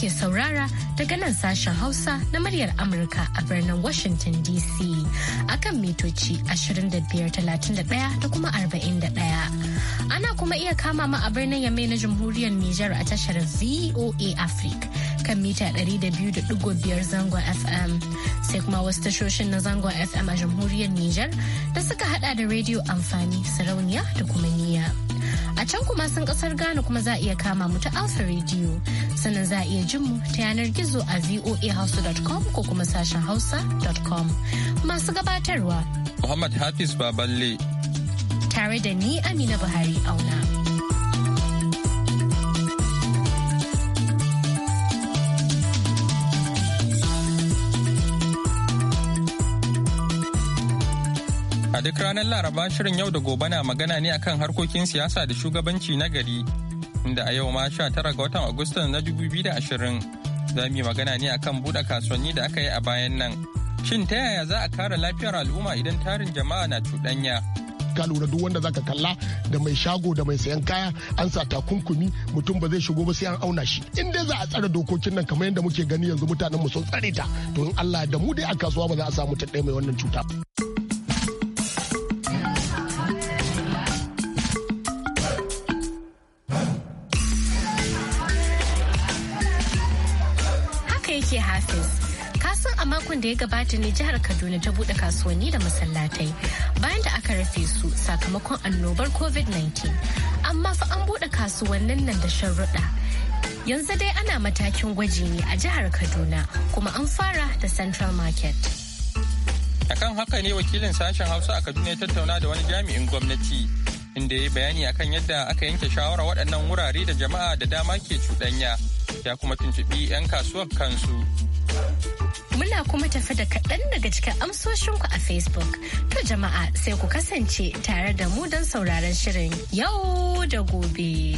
kuke saurara daga nan sashen Hausa na muryar Amurka a birnin Washington DC a kan mitoci 2531 da kuma 41. Ana kuma iya kama ma a birnin Yamai na Jamhuriyar Nijar a tashar VOA Africa kan mita 200.5 zangon FM. Sai kuma wasu tashoshin na zangon FM a Jamhuriyar Nijar da suka hada da rediyo amfani sarauniya da kuma niya A can kuma sun kasar Ghana kuma za a iya kama mu ta Alpha Radio. sannan za a iya jin mu ta yanar gizo a voahausa.com ko kuma sashen hausa.com masu gabatarwa Muhammad Hafiz Baballe tare da ni Amina Buhari auna. A duk ranar laraba shirin yau da gobe na magana ne akan harkokin siyasa da shugabanci na gari inda a yau ma 19 ga watan Agustan na 2020 za mu yi magana ne akan buɗe kasuwanni da aka yi a bayan nan. Shin ta yaya za a kare lafiyar al'umma idan tarin jama'a na cuɗanya? ka lura duk wanda zaka kalla da mai shago da mai sayan kaya an sa takunkumi mutum ba zai shigo ba sai an auna shi in dai za a tsare dokokin nan kamar yadda muke gani yanzu mutanen mu sun tsare ta to in Allah da mu dai a kasuwa ba za a samu ta mai wannan cuta. ke Hafiz. kasan a makon da ya gabata ne jihar kaduna ta bude kasuwanni da masallatai bayan da aka rufe su sakamakon annobar covid-19 amma fa an bude kasuwannin nan da sharruɗa yanzu dai ana matakin gwaji ne a jihar kaduna kuma an fara da central market akan haka ne wakilin sashen hausa a kaduna ya tattauna da wani jami'in gwamnati inda ya yi bayani akan yadda aka yanke shawara waɗannan wurare da jama'a da dama ke cuɗanya ya kuma tuntuɓi 'yan kasuwar kansu. Muna kuma tafi da kaɗan daga cikin amsoshinku a Facebook. To jama'a sai ku kasance tare da mu don sauraron shirin yau da gobe.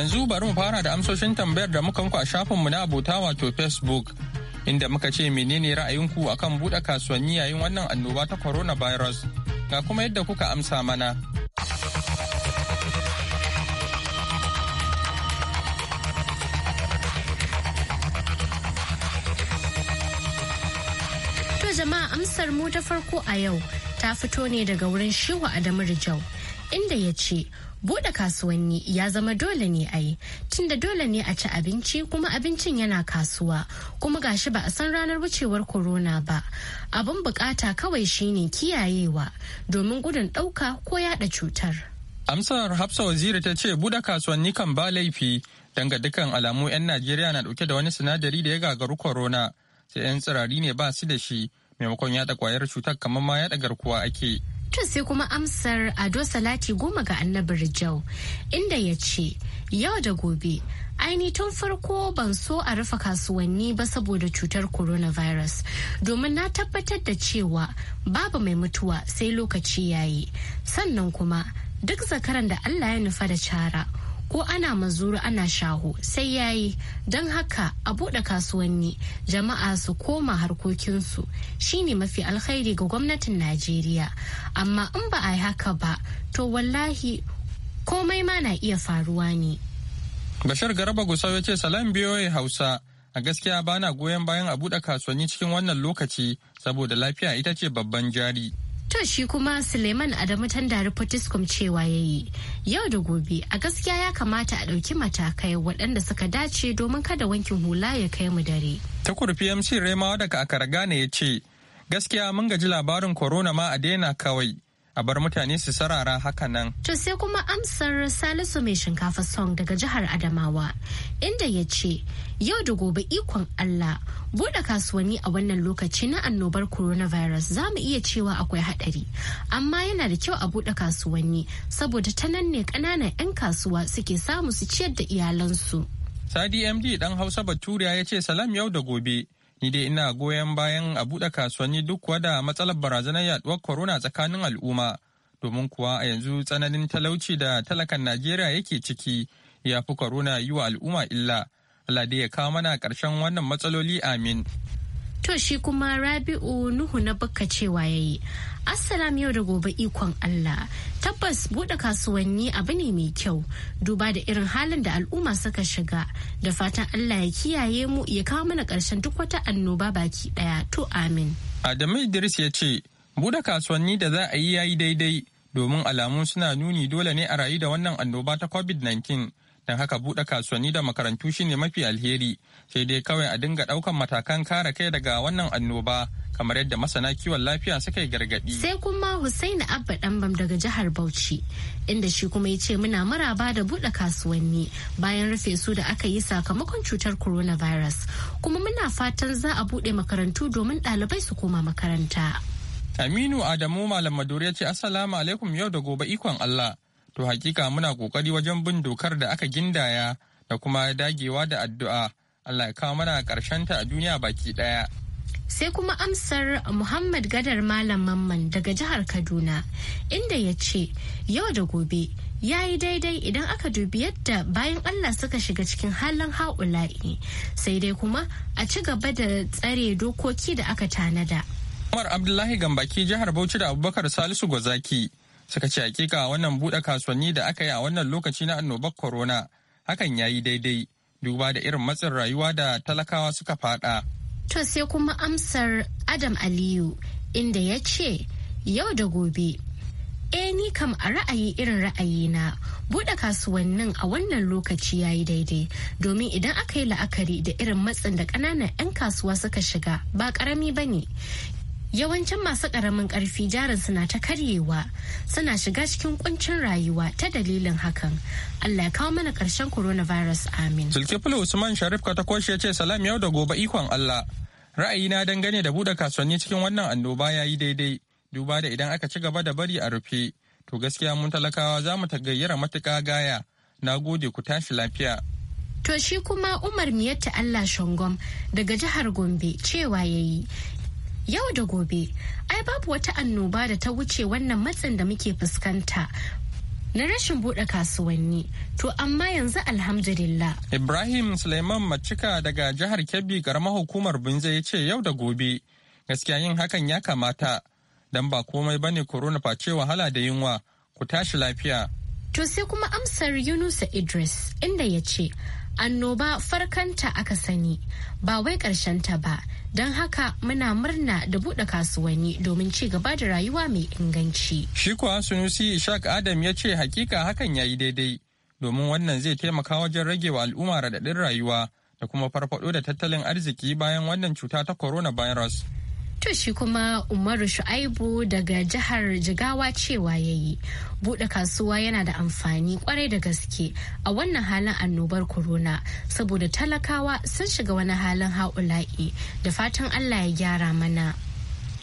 Yanzu bari mu fara da amsoshin tambayar da muka kwa shafinmu na abota wato Facebook. Inda muka ce menene ra'ayinku akan buɗe kasuwanni yayin wannan annoba ta coronavirus. Ga kuma yadda kuka amsa mana. jama'a amsar mu ta farko a yau ta fito ne daga wurin shiwa Adamu Rijau inda ya ce Bude kasuwanni ya zama dole ne a yi, tunda dole ne a ci abinci kuma abincin yana kasuwa, kuma gashi ba a san ranar wucewar korona ba. Abin bukata kawai shine kiyayewa domin gudun dauka ko yaɗa cutar. Amsar Hafsa Waziri ta ce buɗe kasuwanni kan ba laifi, danga dukkan alamu 'yan Najeriya na ɗauke da wani sinadari da ya gagaru corona, sai 'yan tsirari ne ba su da shi, maimakon yaɗa kwayar cutar kamar ma yaɗa garkuwa ake. To sai kuma amsar Ado Salati goma ga annabi Rijau inda ya ce yau da gobe aini tun farko ban so a rufe kasuwanni ba saboda cutar coronavirus domin na tabbatar da cewa babu mai mutuwa sai lokaci yayi sannan kuma duk zakaran da Allah ya nufa da cara ko ana mazuru ana shaho sai yayi don haka a buɗe kasuwanni jama'a su koma harkokinsu shine mafi alkhairi ga gwamnatin najeriya amma in ba a yi haka ba to wallahi komai ma na iya faruwa ne bashar garba gusau ya ce salam biyoyi hausa a gaskiya bana goyon bayan a buɗe kasuwanni cikin wannan lokaci saboda lafiya ita ce babban jari To shi kuma Suleiman Adamu Tandari Potiskum cewa ya yi. Yau da gobe a gaskiya ya kamata a ɗauki matakai waɗanda suka dace domin kada wankin hula ya kai mu dare. Ta kurfi MC Remawa daga Akara ya ce, gaskiya mun gaji labarin corona ma a daina kawai. a bar mutane su sarara hakanan. To sai kuma amsar Salisu mai shinkafa song daga jihar Adamawa inda ya ce yau da gobe ikon Allah bude kasuwanni a wannan lokaci na annobar coronavirus za mu iya cewa akwai hadari amma yana da kyau a bude kasuwanni saboda ta nan ne ƙananan 'yan kasuwa suke samu su ciyar da iyalansu. Sadi MD dan Hausa Baturiya ya ce salam yau da gobe Ni dai ina goyon bayan a buɗe kasuwanni duk kuwa da matsalar barazanar yaduwar corona tsakanin al'umma. Domin kuwa a yanzu tsananin talauci da talakan Najeriya yake ciki ya fi corona yi wa al'umma illa. Allah dai ya kawo mana ƙarshen wannan matsaloli amin. To shi kuma Rabi'u Nuhu na baka cewa ya yi. Assalam yau da gobe ikon Allah. Tabbas buɗe kasuwanni abu ne mai kyau duba da irin halin da al'umma suka shiga da fatan Allah ya kiyaye mu ya kawo mana ƙarshen duk wata annoba baki ɗaya to amin. Adamu Idris ya ce buɗe kasuwanni da za a yi yayi daidai domin alamu suna nuni dole ne a rayu da wannan annoba ta COVID-19 don haka buɗe kasuwanni da makarantu shine mafi alheri sai dai kawai a dinga ɗaukan matakan kare kai daga wannan annoba kamar yadda masana kiwon lafiya suka yi gargaɗi. Sai kuma Hussaini Abba Ɗanbam daga jihar Bauchi inda shi kuma ya ce muna maraba da buɗe kasuwanni bayan rufe su da aka yi sakamakon cutar coronavirus kuma muna fatan za a buɗe makarantu domin ɗalibai su koma makaranta. Aminu Adamu Malam Maduri ya ce Assalamu alaikum yau da gobe ikon Allah. to hakika muna kokari wajen bin dokar da aka gindaya da kuma dagewa da addu'a Allah ya kawo mana ta a duniya baki ɗaya. Sai kuma amsar Muhammad Gadar Malam Mamman daga jihar Kaduna inda ya ce yau da gobe ya yi daidai idan aka dubi yadda bayan Allah suka shiga cikin halin ha'ula'i sai dai kuma a ci gaba da tsare dokoki da aka tanada. Umar Abdullahi Gambaki jihar Bauchi da Abubakar Salisu Gwazaki suka ce hakika wannan buɗe kasuwanni da aka yi a wannan lokaci na annobar corona hakan ya yi daidai duba da irin matsin rayuwa da talakawa suka fada. To sai kuma amsar Adam Aliyu inda ya ce yau da gobe. Eh ni kam a ra'ayi irin ra'ayi na. buɗe kasuwannin a wannan lokaci ya yi daidai domin idan aka yi la'akari da irin matsin da ƙananan 'yan kasuwa suka shiga ba ƙarami ba ne Yawancin masu ƙaramin ƙarfi jarin suna ta karyewa suna shiga cikin kuncin rayuwa ta dalilin hakan. Allah ya kawo mana ƙarshen coronavirus amin. Zulkiflu Usman Sharif ta ya ce salam yau da gobe ikon Allah. Ra'ayi na dangane da buɗe kasuwanni cikin wannan annoba ya yi daidai. Duba da idan aka ci gaba da bari a rufe. To gaskiya mun talakawa za mu tagayyara matuƙa gaya. Na gode ku tashi lafiya. To shi kuma Umar Miyatta Allah Shangom daga jihar Gombe cewa yayi. Yau da gobe, ai babu wata annoba da ta wuce wannan matsin da muke fuskanta na rashin buɗe kasuwanni. To amma yanzu alhamdulillah. Ibrahim Suleiman Macika daga jihar Kebbi karamar hukumar binza ya ce yau da gobe gaskiya yin hakan ya kamata don ba komai ba ne corona face wahala da yunwa ku tashi lafiya. To sai kuma amsar Yunusa Idris inda ya ce annoba farkanta aka sani ba wai ta ba don haka muna murna da buɗe kasuwanni domin ci gaba da rayuwa mai inganci. Shi kuwa Sunusi Ishaq Adam ya ce hakika hakan ya yi daidai domin wannan zai taimaka wajen rage wa al'umma raɗaɗin rayuwa da kuma farfaɗo da tattalin arziki bayan wannan cuta ta coronavirus. To shi kuma Umaru Shu'aibu daga jihar Jigawa cewa ya yi. Buɗe kasuwa yana da amfani kwarai da gaske a wannan halin annobar corona saboda talakawa sun shiga wani halin ha'ula'i da fatan Allah ya gyara mana.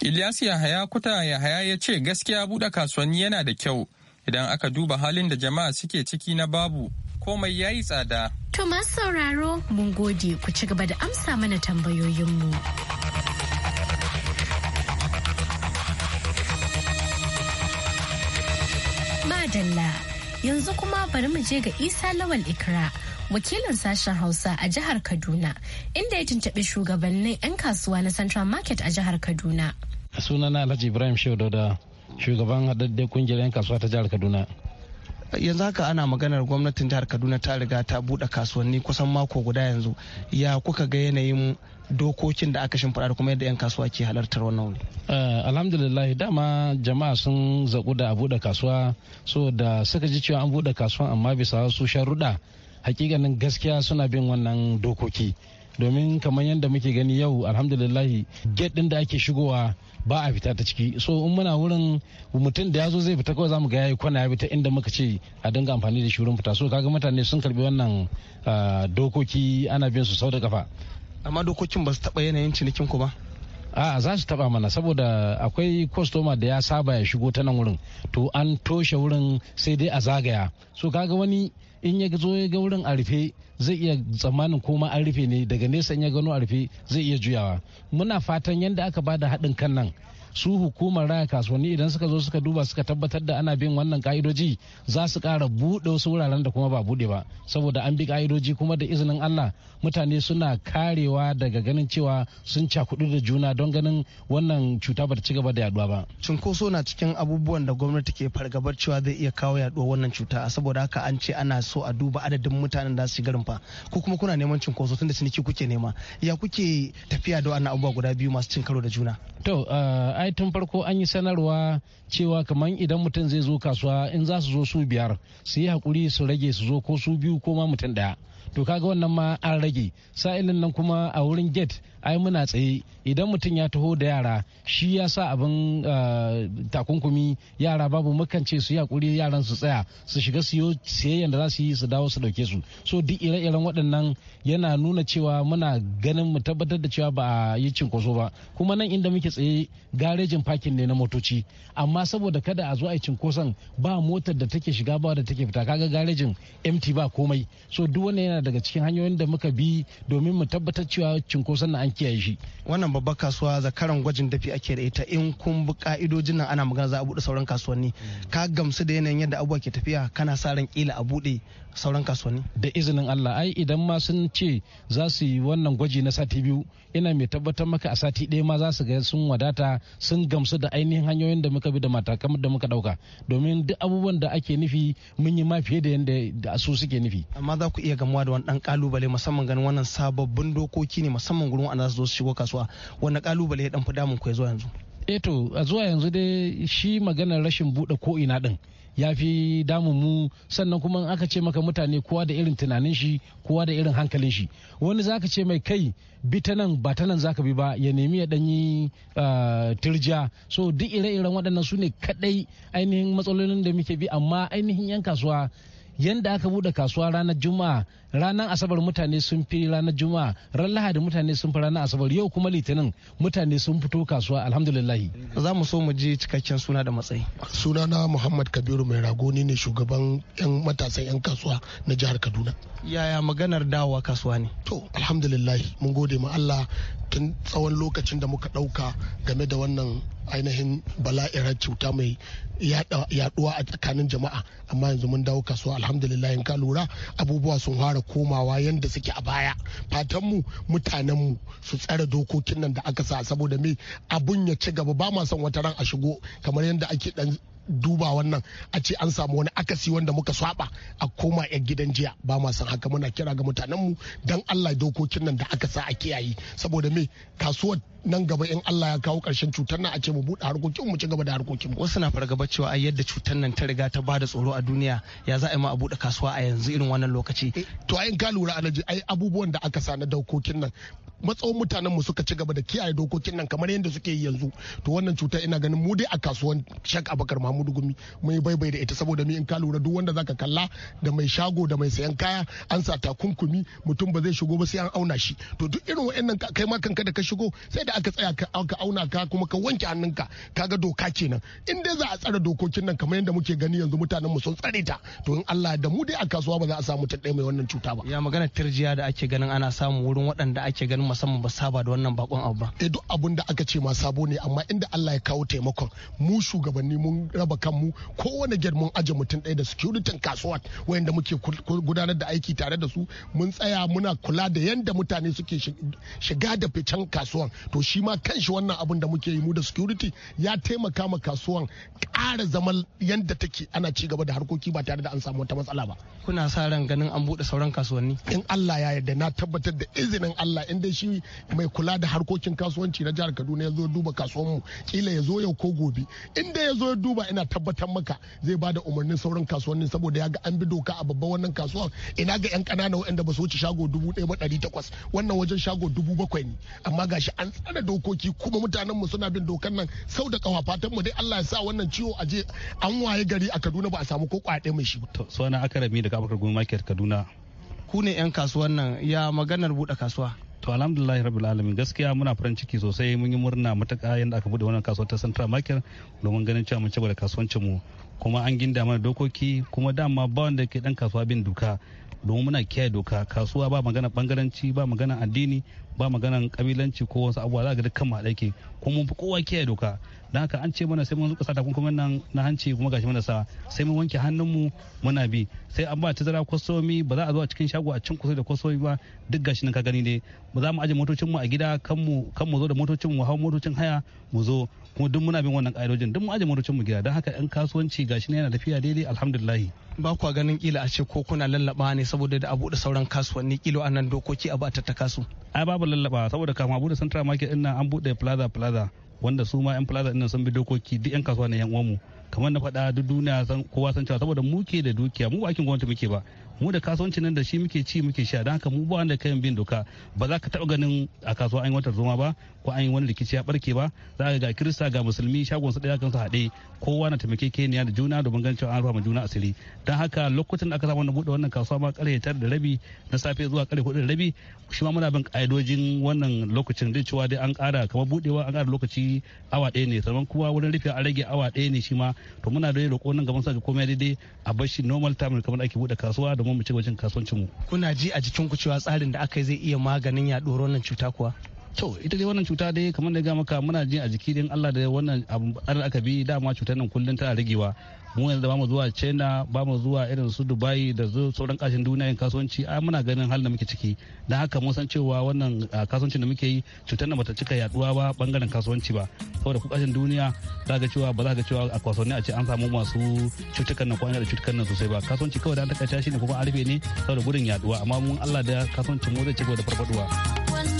Ilyas Yahaya kuta Yahaya ya ce gaskiya buɗe kasuwanni yana da kyau idan aka duba halin da jama'a suke ciki na babu komai yayi tsada. To masu sauraro mun gode ku ci gaba da amsa mana tambayoyinmu. dalla yanzu kuma bari mu je ga isa lawal ikra wakilin sashen hausa a jihar kaduna inda ya tuntaɓi shugabannin 'yan kasuwa na central market a jihar kaduna sunana alhaji ibrahim shehu dauda shugaban haɗaɗɗen kungiyar 'yan kasuwa ta jihar kaduna yanzu haka ana maganar gwamnatin jihar kaduna ta riga ta buɗe kasuwanni kusan mako guda yanzu ya kuka ga yanayin dokokin da aka shimfiɗa da kuma yadda 'yan kasuwa ke halartar wannan wuri. Eh, alhamdulillah dama jama'a sun zaƙu da a buɗe kasuwa so da suka ji cewa an buɗe kasuwa amma bisa su sharuɗa hakikanin gaskiya suna bin wannan dokoki domin kamar yadda muke gani yau alhamdulillahi gate din da ake shigowa ba a fita ta ciki so in muna wurin mutum da ya zo zai fita kawai za mu ga yayi kwana ya fita inda muka ce a dinga amfani da shi wurin fita so kaga mutane sun karbi wannan ah, dokoki ana bin su sau da kafa amma dokokin ba su taba yanayin cinikin ku ba a za su taba mana saboda akwai kwastoma da ya saba ya shigo ta nan wurin to an toshe wurin sai dai a zagaya so kaga wani in ya zo ya ga wurin a rufe zai iya tsammanin koma an rufe ne daga nesa in ya gano a rufe zai iya juyawa muna fatan yadda aka bada haɗin kan nan su hukumar raya kasuwanni idan suka zo suka duba suka tabbatar da ana bin wannan ka'idoji za su kara buɗe wasu wuraren da kuma ba buɗe ba saboda an bi ka'idoji kuma da izinin Allah mutane suna karewa daga ganin cewa sun cakudu da juna don ganin wannan cuta ba ta ci gaba da yaduwa ba. Cunkoso na cikin abubuwan da gwamnati ke fargabar cewa zai iya kawo yaduwar wannan cuta saboda haka an ce ana so a duba adadin mutanen da su garin fa ko kuma kuna neman cunkoso tunda ciniki kuke nema ya kuke tafiya da wannan abubuwa guda biyu masu cin karo da juna. To eh, ai tun farko an yi sanarwa cewa kamar idan mutum zai zo kasuwa in za su zo su biyar su yi hakuri su rage su zo ko su biyu ko ma mutum daya to kaga wannan ma an rage sa'ilin nan kuma a wurin gate ai muna tsaye idan mutum ya taho da yara shi ya sa abin ah, takunkumi yara babu mukan ce su kuri yaran su tsaya su shiga siyo siyayyan da za su yi su dawo su dauke su so duk ire-iren waɗannan yana nuna cewa muna ganin mu tabbatar da cewa ba a yi cinkoso ba kuma nan inda muke tsaye garejin fakin ne na motoci amma saboda kada a zo a yi cinkoson ba motar da take shiga ba da take fita kaga garejin mt ba komai so duk wannan yana daga cikin hanyoyin da muka bi domin mu tabbatar cewa cinkoson na an kiyaye shi wannan babbar kasuwa zakaran gwajin dafi ake da ita in kun bi ka'idojin nan ana magana za a bude sauran kasuwanni ka gamsu da yanayin yadda abubuwa ke tafiya kana sa ran kila a bude sauran kasuwanni da izinin Allah ai idan ma sun ce za su yi wannan gwaji na sati biyu ina mai tabbatar maka a sati ɗaya ma za su ga sun wadata sun gamsu da ainihin hanyoyin da muka bi da matakan da muka dauka domin duk abubuwan da ake nufi mun yi ma fiye da yadda su suke nufi amma za ku iya gamuwa da wani dan kalubale musamman ganin wannan sababbin dokoki ne musamman gurin ana su zo su shigo kasuwa wani kalubale ya dan damun ku ya zuwa yanzu eto eh a zuwa yanzu dai shi maganar rashin bude ko ina din ya fi damun mu sannan kuma aka ce maka mutane kowa da irin tunanin shi kowa da irin hankalin shi wani zaka ce mai kai bi ta nan ba ta nan zaka bi ba ya nemi ya danyi ah, turja so duk ire-iren waɗannan su ne kaɗai ainihin matsalolin da muke bi amma ainihin 'yan kasuwa Yadda aka bude kasuwa ranar juma'a ranar asabar mutane sun fi ranar juma'a ran lahadi mutane sun fi ranar asabar yau kuma litinin mutane sun fito kasuwa alhamdulillah za mu so mu ji cikakken suna da matsayi sunana muhammad kabiru mai Ragoni ne shugaban yan matasan yan kasuwa na jihar kaduna yaya maganar dawowa kasuwa ne to alhamdulillah mun gode ma allah tun tsawon lokacin da muka dauka game da wannan ainihin bala'irar cuta mai yaduwa a tsakanin jama'a amma yanzu mun dawo kasuwa alhamdulillah in ka lura abubuwa sun fara komawa yadda suke a baya fatan mu mutanen mu su tsare dokokin nan da aka sa saboda me abun ya ci gaba ba ma son wata ran a shigo kamar yadda ake dan duba wannan a ce an samu wani akasi wanda muka saba a koma yan gidan jiya ba ma san haka muna kira ga mutanenmu dan Allah dokokin nan da aka sa a kiyaye saboda me kasuwar nan gaba in Allah ya kawo karshen cutar nan a ce mu buɗe harkokin mu ci gaba da harkokin mu wasu na fargaba cewa ai yadda cutar nan ta riga ta bada tsoro a duniya ya za a yi ma a buɗe kasuwa a yanzu irin wannan lokaci eh, to ai ka lura alaji ai abubuwan da aka sa na dokokin nan matsawon mutanen mu suka ci gaba da kiyaye dokokin nan kamar yadda suke yi yanzu to wannan cutar ina ganin mu dai a kasuwan Shak Abakar Mahmud samu Gumi mai baibai da ita saboda ni in ka lura duk wanda zaka kalla da mai shago da mai sayan kaya an sa takunkumi mutum ba zai shigo ba sai an auna shi to duk irin wa'annan kai ma kanka da ka shigo sai da aka tsaya ka auna ka kuma ka wanke hannunka kaga doka kenan in dai za a tsare dokokin nan kamar yadda muke gani yanzu mutanen mu sun tsare ta to in Allah da mu dai a kasuwa ba za a samu ta mai wannan cuta ba ya magana tirjiya da ake ganin ana samu wurin waɗanda ake ganin musamman ba saba da wannan bakon abu ba eh duk abin da aka ce ma sabo ne amma inda Allah ya kawo taimakon mu shugabanni mun raba kanmu kowane gate mun aje mutum ɗaya da security kasuwa wayanda muke gudanar da aiki tare da su mun tsaya muna kula da yanda mutane suke shiga da ficen kasuwan to shi ma kanshi wannan abin da muke yi mu da security ya taimaka ma kasuwan ƙara zama yanda take ana ci gaba da harkoki ba tare da an samu wata matsala ba kuna sa ran ganin an buɗe sauran kasuwanni in Allah ya yarda na tabbatar da izinin Allah in dai shi mai kula da harkokin kasuwanci na jihar Kaduna ya zo duba kasuwan mu kila ya zo yau ko gobe in dai ya zo ya duba ana tabbatar maka zai bada umarnin sauran kasuwannin saboda ya ga an bi doka a babban wannan kasuwar ina ga yan ƙanana waɗanda ba su wuce shago dubu ɗaya ba ɗari takwas wannan wajen shago dubu bakwai ne amma gashi an tsara dokoki kuma mutanen mu suna bin dokan nan sau da ƙawa fatan mu dai Allah ya sa wannan ciwo a je an waye gari a Kaduna ba a samu ko kwade mai shi ba. Suna Akarami daga Abubakar Gumi Market Kaduna. Ku ne 'yan kasuwan nan ya maganar buɗe kasuwa. to alhamdulillah rabbil alamin gaskiya muna farin ciki sosai mun yi murna mataka yadda aka bude wannan kasuwar ta central market domin ganin cewa mun cigaba da kasuwancin mu kuma an ginda mana dokoki kuma dama ba wanda ke dan kasuwa bin duka domin muna kiyaye doka kasuwa ba magana bangaranci ba magana addini ba magana kabilanci ko wasu abubuwa za ga kan ma ɗake kuma mun fi kowa kiyaye doka don haka an ce mana sai mun kasa takunkumin nan na hanci kuma gashi mana sa sai mun wanke hannunmu muna bi sai an ba tazara kwasomi ba za a zo a cikin shago a cin kusa da kwasomi ba duk gashi nan ka gani ne ba za mu aje motocin mu a gida kan mu kan mu zo da motocin mu hau motocin haya mu zo kuma duk muna bin wannan ƙa'idojin duk mu aje marucin mu gida don haka yan kasuwanci gashi ne yana tafiya daidai alhamdulillah ba kwa ganin kila a ce ko kuna lallaba ne saboda da abu da sauran kasuwanni kilo a nan dokoki a ba tattaka su ai babu lallaba saboda kama abu da central market din an bude plaza plaza wanda su ma yan plaza din sun bi dokoki duk yan kasuwa ne yan uwanmu kamar na faɗa duk duniya san kowa san cewa saboda mu ke da dukiya mu ba aikin gwamnati muke ba mu da kasuwanci nan da shi muke ci muke sha don haka mu ba wanda kayan bin doka ba za ka taɓa ganin a kasuwa an yi wata zoma ba ko an yi wani rikici ya barke ba za ka ga kirista ga musulmi shagon su ɗaya kan su haɗe kowa na taimakekeniya da juna domin ganin cewa an rufa ma juna asiri don haka lokacin da aka samu na buɗe wannan kasuwa ma ƙarfe tara da rabi na safe zuwa ƙarfe hudu da rabi shi ma muna bin ƙa'idojin wannan lokacin din cewa dai an ƙara kamar buɗewa an ƙara lokaci awa ɗaya ne sannan kuma wurin rufe an rage awa ɗaya ne shi ma to muna da roƙo nan gaban sa komai daidai a bar shi normal time kamar ake buɗe kasuwa domin mu ci wajen kasuwancin mu kuna ji a jikin ku cewa tsarin da aka yi zai iya maganin yaduwar wannan cuta kuwa to ita dai wannan cuta dai kamar da ga maka muna jin a jiki din Allah da wannan abu da aka bi dama cutar nan kullun tana ragewa mu yanzu bamu zuwa china bamu zuwa irin su dubai da sauran kashin duniya yin kasuwanci a muna ganin halin da muke ciki don haka mun san cewa wannan kasuwancin da muke yi cutar da bata cika yaduwa ba bangaren kasuwanci ba saboda ku kashin duniya za ga cewa ba za ga cewa a kasuwanni a ce an samu masu cutukan nan ko da cutukan nan sosai ba kasuwanci kawai da an taka shi ne kuma an rufe ne saboda gudun yaduwa amma mun Allah da kasuwancin mu zai ci gaba da farfaduwa.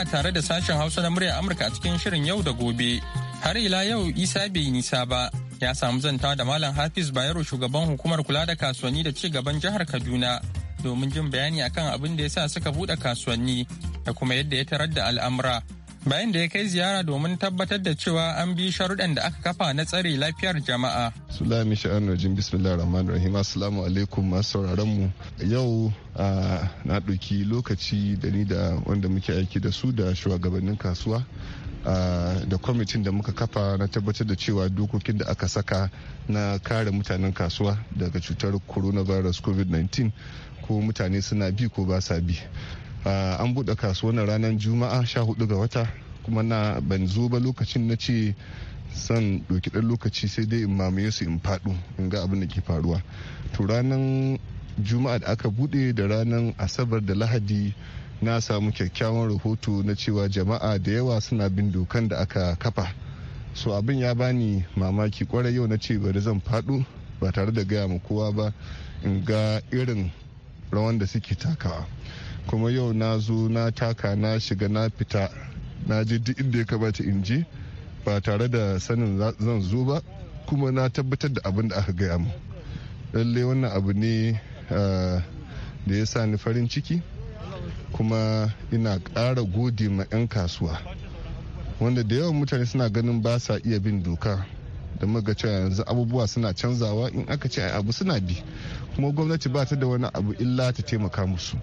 Ana tare da sashen Hausa na murya Amurka a cikin shirin yau da gobe. Har ila yau Isa bai nisa ba. Ya samu zantawa da Malam Hafiz Bayero shugaban hukumar kula da kasuwanni da ci gaban jihar Kaduna domin jin bayani akan abin da ya sa suka buɗe kasuwanni da kuma yadda ya tarar da al'amura bayan da ya kai ziyara domin tabbatar da cewa an bi sharuɗan da aka kafa na tsare lafiyar jama'a. Sulami sha'an rajin bismillah rahman rahim assalamu alaikum masu sauraron mu yau na ɗauki lokaci da ni da wanda muke aiki da su da shugabannin kasuwa da kwamitin da muka kafa na tabbatar da cewa dokokin da aka saka na kare mutanen kasuwa daga cutar coronavirus covid-19 ko mutane suna bi ko ba sa bi an buɗe kasuwar ranar juma'a sha hudu ga wata kuma na ban zo ba lokacin na ce son ɗauki ɗan lokaci sai dai in mamaye su in faɗo in ga abin da ke faruwa to ranar juma'a da aka buɗe da ranar asabar da lahadi na samu kyakkyawan rahoto na cewa jama'a da yawa suna bin dokan da aka kafa so abin ya bani mamaki kwarai yau na ce bari zan faɗo ba tare da gaya ma kowa ba in ga irin rawan da suke takawa kuma yau na zo na taka na shiga na fita na je duk inda ya kamata in ji ba tare da sanin zan zo ba kuma na tabbatar da abin da aka gaya mu lallai wannan abu ne ah, da ya sa ni farin ciki kuma ina kara gode ma 'yan kasuwa wanda da yawan mutane suna ganin ba sa iya bin doka da muka cewa yanzu abubuwa suna canzawa in aka ce abu suna bi kuma gwamnati ba ta da wani abu illa ta taimaka musu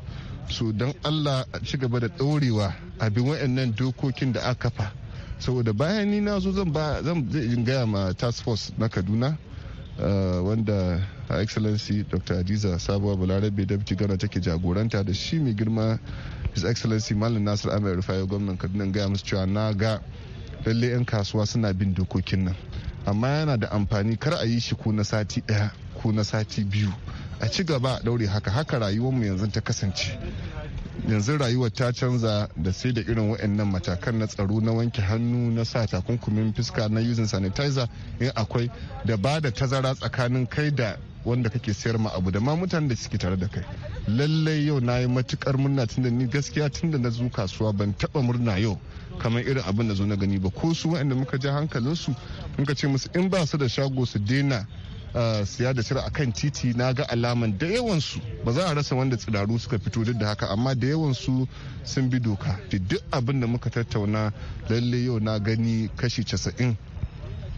su don allah a ci gaba da ɗorewa a bin waɗannan dokokin da aka kafa saboda bayan ni na zo zan gaya ma task force na kaduna eh, wanda her excellency dr adiza sabuwa bularabe dabci gana take jagoranta da shi mai girma his excellency malam nasir amir rufai gwamnan kaduna gaya musu cewa na ga lalle 'yan kasuwa suna bin dokokin nan amma yana da amfani kar a yi shi ko na sati daya ko na sati biyu a ci gaba a ɗaure haka haka rayuwar mu yanzu ta kasance yanzu rayuwar ta canza da sai da irin wa'annan matakan na tsaro na wanke hannu na sa takunkumin fuska na using sanitizer in akwai da ba da tazara tsakanin kai da wanda kake sayar ma abu da ma mutanen da suke tare da kai lallai yau na yi matukar murna tun da ni gaskiya tun da na zo kasuwa ban taba murna yau kamar irin abin da zo na gani ba ko su waɗanda muka ja hankalinsu muka ce musu in ba su da shago su dena. Eh, siya da sira akan titi na ga alaman da yawansu ba za a rasa wanda tsiraru suka fito duk da haka amma da yawansu sun bi doka duk abin da muka tattauna lalle yau na gani kashi casa'in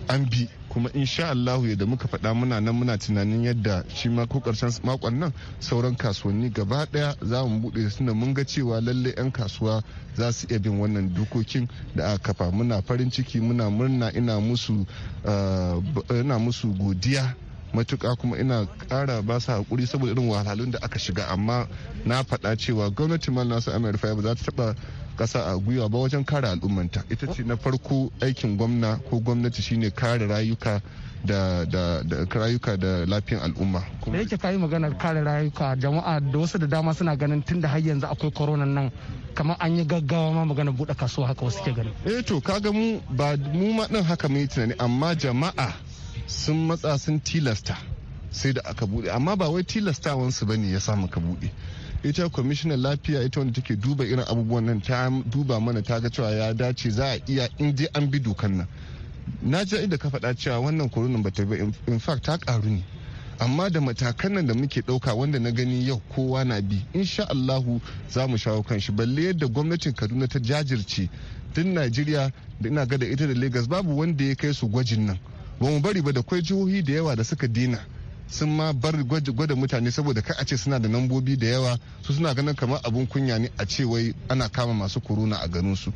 an bi kuma insha Allahu yadda muka faɗa muna nan muna tunanin yadda shi ma ko karshen makon nan sauran kasuwanni gaba daya za mu buɗe suna mun ga cewa lalle 'yan kasuwa za su iya bin wannan dokokin da aka kafa muna farin ciki muna murna ina musu eh, godiya matuka kuma ina ƙara ba su haƙuri saboda irin wahalhalun da aka shiga amma na faɗa cewa gwamnati mal nasu amir ba za ta taɓa kasa a gwiwa ba wajen kare al'ummanta ita ce na farko aikin gwamna ko gwamnati shine kare rayuka da da da rayuka da lafiyan al'umma da yake kayi magana kare rayuka jama'a da wasu da dama suna ganin tun da har yanzu akwai corona nan kamar an yi gaggawa ma magana bude kasuwa haka wasu ke gani eh to kaga mu ba mu ma din haka mun tunani amma jama'a sun matsa sun tilasta sai da aka bude amma ba wai tilastawansu bane ya samu ka bude ita kwamishinan lafiya ita wanda take duba irin abubuwan nan ta duba mana ta ga cewa ya dace za a iya in je an bi dokan nan na ji inda ka faɗa cewa wannan koronan ba ta bi in fact ta karu ne amma da matakan nan da muke ɗauka wanda na gani yau kowa na bi insha Allahu za mu shawo kan shi balle yadda gwamnatin Kaduna ta jajirce tun Najeriya da ina gada ita da Lagos babu wanda ya kai su gwajin nan ba mu bari ba da kwai jihohi da yawa da suka dina sun ma bar gwada mutane saboda kai a ce suna da nambobi da yawa su suna ganin kamar abun kunya ne a ce wai ana kama masu corona a ganin su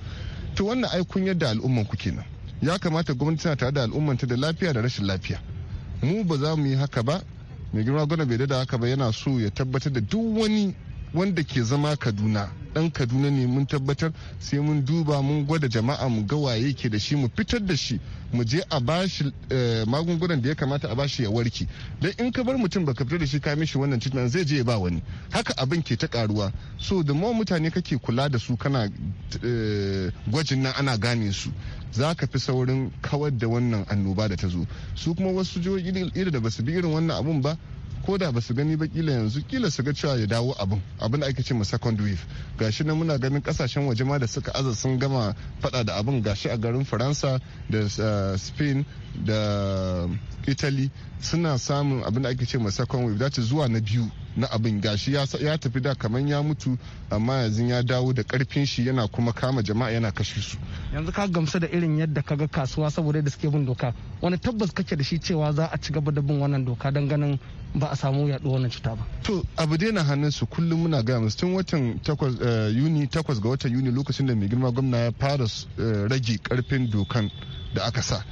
to wannan ai kunyar da al'umman ku kenan ya kamata gwamnati tana tare da ta da lafiya da rashin lafiya mu ba za mu yi haka ba mai girma gwamnati bai da haka ba yana so ya tabbatar da duk wani wanda ke zama kaduna dan kaduna ne mun tabbatar sai mun duba mun gwada jama'a mu ga waye ke da shi mu fitar da shi mu je a bashi eh, magungunan da ya kamata a bashi ya warke dan in ka bar mutum baka fitar da shi ka mishi wannan cutar zai je ya ba wani haka abin ke ta karuwa so da mu mutane kake kula da su kana eh, gwajin nan ana gane su za ka fi saurin kawar da wannan annoba da ta zo su kuma wasu jihohi irin da basu bi irin wannan abun ba ko da ba su gani ba kila yanzu kila su ga cewa ya dawo abin abin da ake ce ma second wave gashi nan muna ganin kasashen waje ma da suka aza sun gama fada da abin gashi a garin faransa da eh, spain da italy suna samun abin da ake ce ma second wave dace zuwa na biyu na abin gashi ya tafi da kamar ya mutu amma yanzu ya dawo da karfin shi yana kuma kama jama'a yana kashe su yanzu ka gamsu da irin yadda ka ga kasuwa saboda da suke bin doka wani tabbas kake da shi cewa za a ci gaba da bin wannan doka don ganin ba a samu yaɗuwar wannan cuta ba to abu na hannun su kullum muna gaya musu tun watan eh, yuni takwas ga watan yuni lokacin da mai girma gwamna ya fara eh, rage karfin dokan da aka sa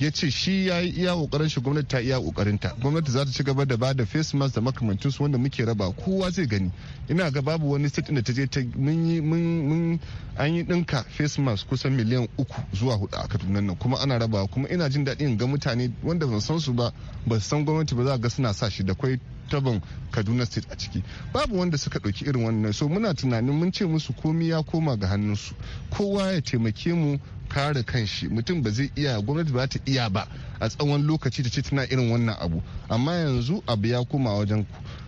ya ce shi ya yi iya kokarin shi gwamnati ta iya kokarin ta gwamnati za ta ci gaba da ba da face mask da makamancin su wanda muke raba kowa zai gani ina ga babu wani state da ta je ta mun yi mun an yi dinka face mask kusan miliyan uku zuwa hudu a Kaduna nan kuma ana rabawa kuma ina jin daɗin ga mutane wanda ban san su ba ba san gwamnati ba za ga suna sa shi da kwai tabon kaduna state a ciki babu wanda suka ɗauki irin wannan so muna tunanin mun ce musu komi ya koma ga hannunsu kowa ya taimake mu kare kanshi mutum ba zai iya gwamnati ba ta iya ba a tsawon lokaci ta ce tana irin wannan abu amma yanzu abu ya kuma wajen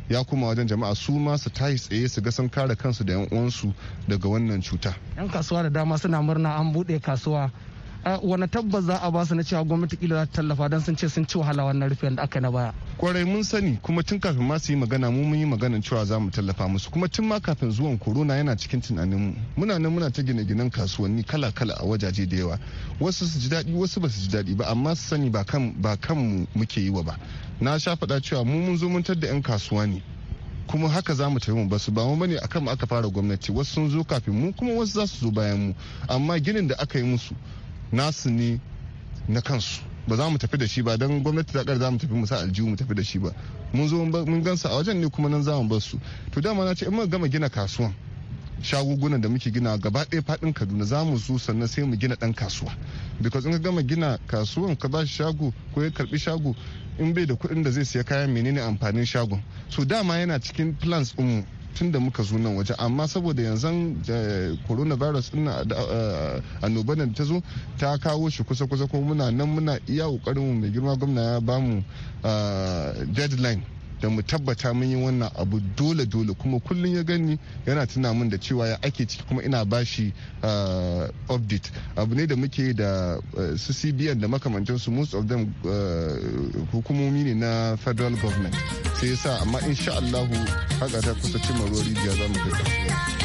ya kuma wajen jama'a su ma su tashi tsaye su ga sun kare kansu da 'yan uwansu daga wannan cuta. 'Yan kasuwa da dama suna murna an buɗe kasuwa Eh, wani tabbas za a ba su na cewa gwamnati kila za ta tallafa don sun ce sun ci wahala wannan rufe da aka na baya kwarai mun sani kuma tun kafin ma su yi magana mu mun yi magana cewa za mu tallafa musu kuma tun ma kafin zuwan korona yana cikin tunaninmu muna nan muna ta gine-ginen kasuwanni kala-kala a wajaje da yawa wasu su ji daɗi wasu ba su ji daɗi ba amma su sani ba kan mu muke yi wa ba na sha faɗa cewa mu mun zo mun tadda 'yan kasuwa ne kuma haka za mu tafi mu basu ba mu bane akan aka fara gwamnati wasu sun zo kafin mu kuma wasu za su zo bayan mu amma ginin da aka yi musu nasu ne na kansu ba za mu tafi da shi ba don gwamnati ta za mu tafi mu sa aljihu mu tafi da shi ba mun zo mun gansa a wajen ne kuma nan za mu bar su to dama na ce in mun gama gina kasuwan shagugunan da muke gina gaba ɗaya faɗin kaduna za mu zo sannan sai mu gina ɗan kasuwa because in ka gama gina kasuwan ka ba shi shago ko ya karbi shago in bai da kuɗin da zai siya kayan menene amfanin shagon so dama yana cikin plans ɗinmu tun da muka zo nan waje amma saboda yanzu eh, coronavirus din annoban da eh, ta zo ta kawo shi kusa kusa ko muna nan muna iya kokarin mai girma gwamna ya bamu eh, deadline da mu tabbata mun yi wannan abu dole dole kuma kullum ya gani yana tuna min da cewa ya ake ciki kuma ina bashi uh, update abu ne da muke da uh, su cbn da makamantar su most of them uh, hukumomi ne na federal government sai yasa amma insha allahu haka ta kusa cimma ruwa rijiya za mu kai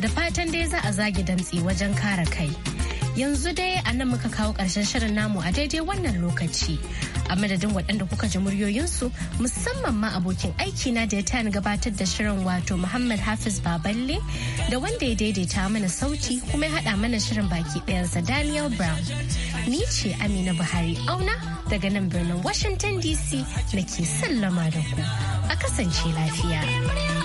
da fatan dai za a zagi damtsi wajen kare kai. Yanzu dai a nan muka kawo ƙarshen shirin namu a daidai wannan lokaci. A madadin waɗanda kuka ji muryoyinsu musamman ma abokin aiki na da ya tayan gabatar da shirin wato Muhammad Hafiz Baballe da wanda ya daidaita mana sauti kuma ya haɗa mana shirin baki ɗayansa Daniel Brown. Ni ce Amina Buhari auna daga nan birnin Washington DC nake sallama da ku. A kasance lafiya.